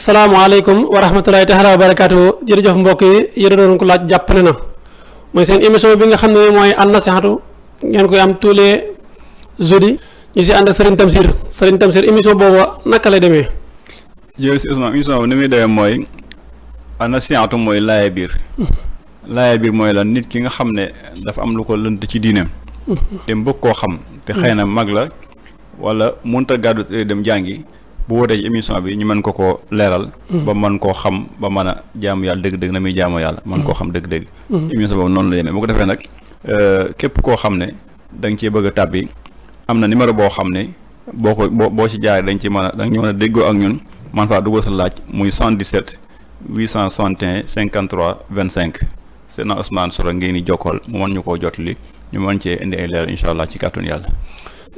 salaamaaleykum wa rahmatulahi taala wa barakaatu jërëjëf mbokk yi yéen doon ko laaj jàppale na mooy seen émission bi nga xam ne mooy an nasihatu ngeen koy am tous les jeudi ñu si ànd ak émission boobu naka lay demee. jërëjëf émission boobu ni muy demee mooy an nasihatu mooy laaya biir laaya biir mooy la nit ki nga xam ne dafa am lu ko lënt ci diineem. Mm-hmm. te mbëgg koo xam. te xëy na mag la wala mënut gàddu gàddu dem jàngi. bu wootee ci émission bi ñu man ko koo leeral mm-hmm. ba man koo xam ba mën a jaamu yàlla dëgg-dëgg na muy jaamu yàlla man koo mm-hmm. xam dëgg-dëgg mm-hmm. émission boobu noonu la demee bu ko defee nag euh, képp koo xam ne da nga cee bëgg a tàbbi am na numéro boo xam ne boo ko boo boo ci jaaree da nga ci mën a da nga mën a déggoo ak ñun man faa dugal sa laaj muy 77 861 53 25 Seydina Ousmane Soro ngeen di jokkool mu mën ñu koo jot li ñu mën cee indi ay leer incha allah ci kàttun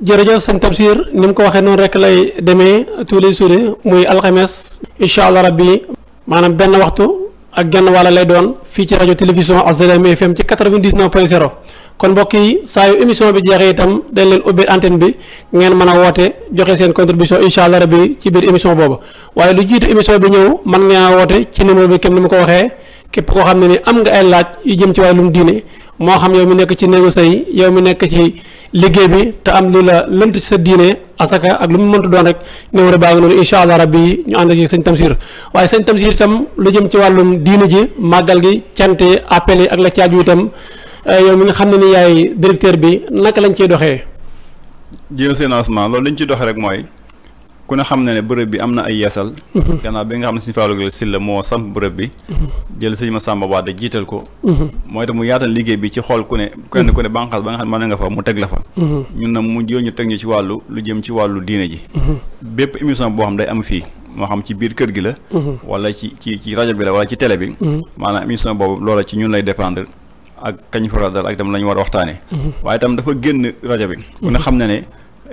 jërëjëf sëñ Tamsir ni mu ko waxee noonu rek lay demee tous les jours muy alxames incha allah rabbi maanaam benn waxtu ak genn wàlla lay doon fii ci rajo télévision Assalaamy FM ci 99 point 0 kon mbokk yi saa yu bi jeexee itam dañ leen ubbi antenne bi ngeen mën a woote joxe seen contribution incha allah rabbi ci biir émission boobu waaye lu jiitu émission bi ñëw mën ngaa woote ci numéro bi kenn ni mu ko waxee képp koo xam ne ni am nga laaj yu jëm ci wàllum diine moo xam yow mi nekk ci néegu say yow mi nekk ci liggéey bi te am lu la lënt ci sa diine asaka ak lu mu mëntu doon rek numéro baa ngi noonu incha allah rabbi ñu ànd ci sëñ Tamsir waaye sëñ Tamsir itam lu jëm ci wàllum diine ji màggal gi cante appel yi ak la caaj caaju itam eh, yow mu nga xam ne ni yaay directeur bi naka lañ ciy doxee. jërëjëf seen loolu li ñu ci doxee rek mooy. ku ne xam na ne bërëb bi am na ay yeesal gannaaw bi nga xam ne suñu faalu si la moo samp bërëb bi jël ma Massamba Ba da jiital ko mooy tax mu yaatal liggéey bi ci xool ku ne kenn ku ne bànqaas ba nga xam ne mën nga fa mu teg la fa ñun na mu jël ñu teg ñu ci wàllu lu jëm ci wàllu diine ji bépp émission boo xam day am fii moo xam ci biir kër gi la wala ci ci ci rajo bi la wala ci télé bi maanaam émission boobu loola ci ñun lay dépendre ak kañ faral dal ak tam la ñu war a waxtaane waaye tam dafa génn rajo bi ku ne xam na ne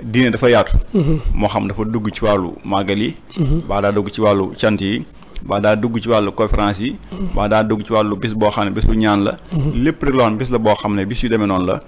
diine dafa yaatu. Mhm. moo xam dafa dugg ci wàllu màggal yi. Mhm. baa daa dugg ci wàllu cant yi. baa daa dugg ci wàllu conférence yi. Mhm. baa daa dugg ci wàllu bis boo xam ne bisu ñaan la. lépp rek loo xam bis boo xam ne bis yu demee noonu la.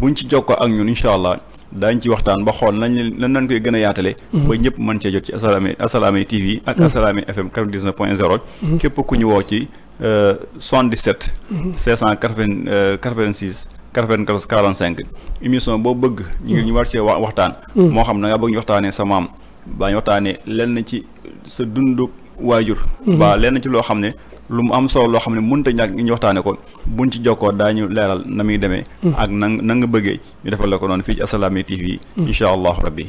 buñ ci jokkoo ak ñun incha allah. daañu ci waxtaan ba xool nañ nan nañ koy gën a yaatale ba ñëpp mën cee jot ci asalaami asalaami tv ak asalaami fm 99 point 0 képp ku ñu woo ci 77 euh, 686 94 45 émission boo bëgg. ñu ngi ñu war cee waxtaan. Mm. moo xam na nga bëgg ñu waxtaanee sa maam. baa ñu waxtaanee lenn ci sa dundu waajur. waa mm-hmm. lenn ci loo xam ne lu mu am solo loo xam ne mënut a ñàkk ñu waxtaanee ko buñ ci jokkoo daañu leeral na muy demee. Mm. ak na na nga bëggee ñu defal la ko noonu fii ci Assalaamy TV. Mm. incha allahu rabbi.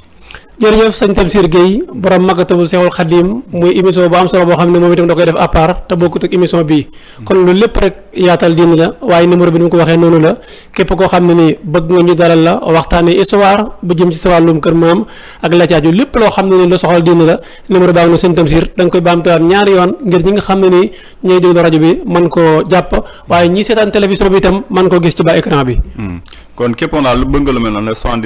jërëjëf sëñ Tamsir Gueye borom màggatabul Seexul Xadim muy émission bu am solo boo xam ne moom itam da koy def à part te bokkut ak émission bii kon loolu lépp rek yaatal diin la waaye numéro bi ni mu ko waxee noonu la képp koo xam ne ni bëgg nga ñu dalal la waxtaane histoire bu jëm ci sa wàllum kër maam ak la caaju lépp loo xam ne ni lu soxal diin la numéro baa ngi na sëñ Tamsir da nga koy baamtuwaat ñaari yoon ngir ñi nga xam ne ni ñooy déglu rajo bi man koo jàpp waaye ñi seetaan télévision bi itam man koo gis ci ba écran bi hmm. kon képp daal lu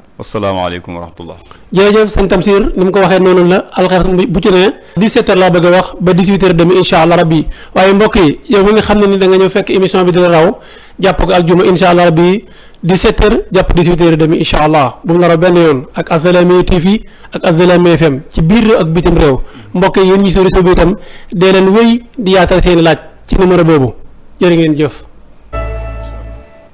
asalaamaaleykum wa rahmatullah jërëjëf sëñ Tamsir ni mu ko waxee noonu la alxames bu ci ne 17 heures laa bëgg a wax ba 18 heures demi incha allah rabbi waaye mbokk yow mi nga xam ne ni da nga ñëw fekk émission bi dina raw jàpp ko aljuma incha allah rabbi 17 heures jàpp 18 heures demi incha allah bu mu nar a benn yoon ak Assalaamy TV ak Assalaamy FM ci biir réew ak bitim réew mbokk yi yéen ñi sori soo bi itam dee leen wéy di yaatal seeni laaj ci numéro boobu jërë ngeen jëf